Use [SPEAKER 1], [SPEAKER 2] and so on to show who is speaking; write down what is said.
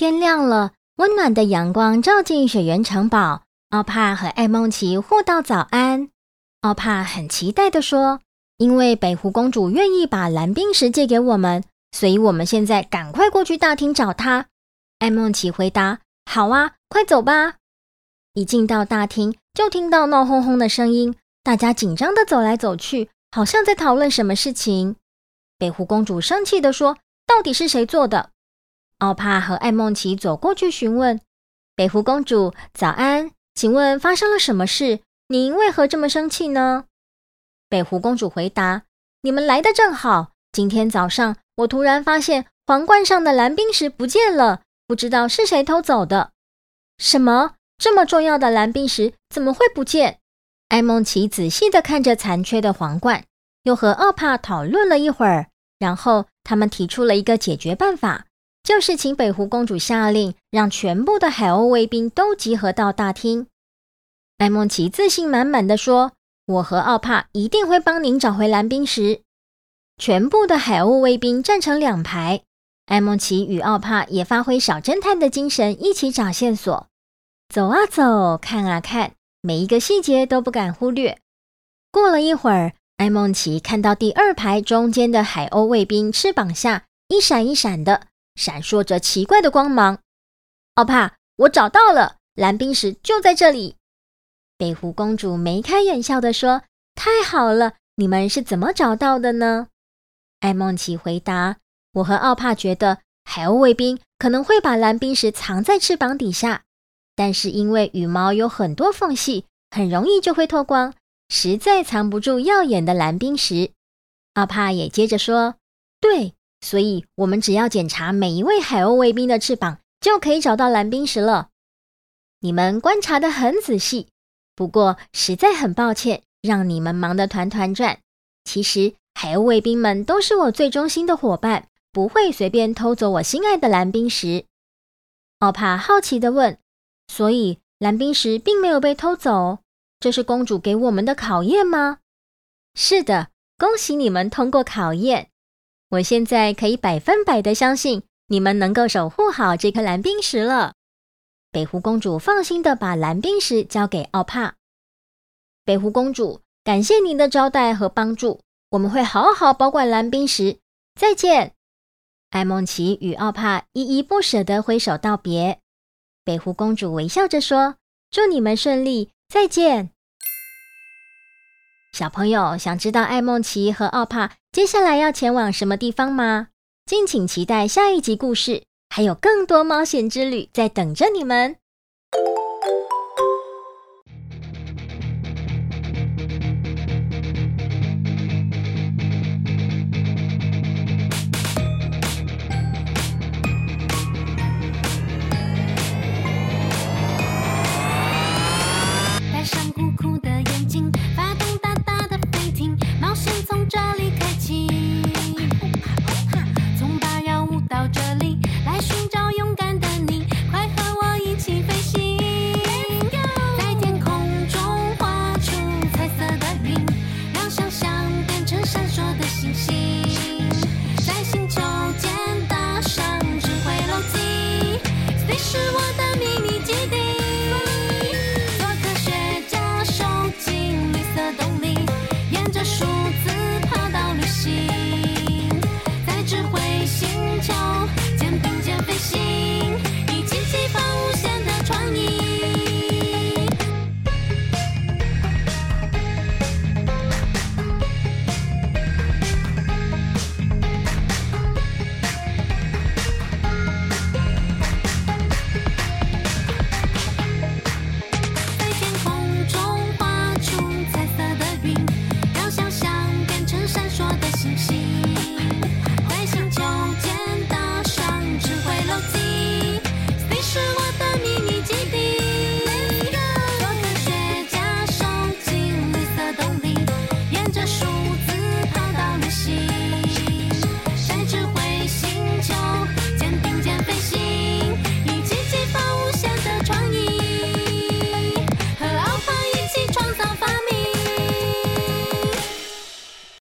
[SPEAKER 1] 天亮了，溫暖的陽光照進雪原城堡。奧帕和愛孟奇互道早安。奧帕很期待的說：“因為北狐公主願意把藍冰石借給我們，所以我們現在趕快過去大廳找她。”愛孟奇回答：“好啊，快走吧！”一進到大廳，就聽到鬧哄哄的聲音，大家緊張的走來走去，好像在討論什麼事情。北狐公主生氣的說：“到底是誰做的？”奧帕和愛孟奇走過去詢問北狐公主：“早安，請問發生了什麼事？您為何這麼生氣呢？”北狐公主回答：“你們來得正好。今天早上，我突然發現皇冠上的藍冰石不見了，不知道是誰偷走的。什麼？這麼重要的藍冰石怎麼會不見？”愛孟奇仔細地看着殘缺的皇冠，又和奧帕討論了一會兒，然後他們提出了一個解決辦法。就是請北狐公主下令，讓全部的海鷗衛兵都集合到大廳。愛孟奇自信滿滿的說：“我和奧帕一定會幫您找回藍冰石。”全部的海鷗衛兵站成兩排，愛孟奇與奧帕也發揮小偵探的精神，一起找線索。走啊走，看啊看，每一個細節都不敢忽略。過了一會兒，愛孟奇看到第二排中間的海鷗衛兵翅膀下一閃一閃的。閃爍着奇怪的光芒。奧帕，我找到了藍冰石，就在這裡。北狐公主眉開眼笑地說：“太好了，你們是怎麼找到的呢？”愛孟奇回答：“我和奧帕覺得海鷗衛兵可能會把藍冰石藏在翅膀底下，但是因為羽毛有很多縫隙，很容易就會透光，實在藏不住耀眼的藍冰石。”奧帕也接着說：“對。”所以，我們只要檢查每一位海鷗衛兵的翅膀，就可以找到藍冰石了。你們觀察得很仔細，不過實在很抱歉，讓你們忙得團團轉。其實，海鷗衛兵們都是我最忠心的夥伴，不會隨便偷走我心愛的藍冰石。奧帕好奇地問：“所以，藍冰石並沒有被偷走？這是公主給我們的考驗嗎？”“是的，恭喜你們通過考驗。”我現在可以百分百的相信你們能夠守護好這顆藍冰石了。北狐公主放心的把藍冰石交給奧帕。北狐公主，感謝您的招待和幫助，我們會好好保管藍冰石。再見。愛孟奇與奧帕依依不捨的揮手道別。北狐公主微笑着說：“祝你們順利，再見。”小朋友，想知道愛孟奇和奧帕接下來要前往什麼地方嗎？敬請期待下一集故事，還有更多冒險之旅在等着你們。